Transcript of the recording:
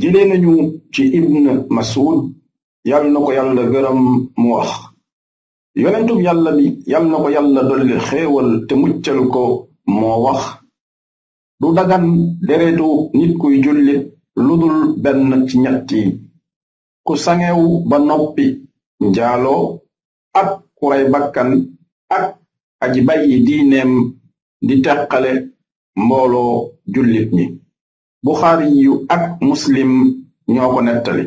jëlee nañu ci ibn masud yàlla na ko yàlla gërëm mu wax yonentub yàlla bi yàlla na ko yàlla dolli xéewal te muccal ko moo wax du dagan deretu nit kuy jullit dul benn ci ñett ku sangew ba noppi njaaloo ak ku rey bakkan ak aji bàyyi diineem di teqale mbooloo jullit ñi buxaari yu ak muslim ñoo ko nettali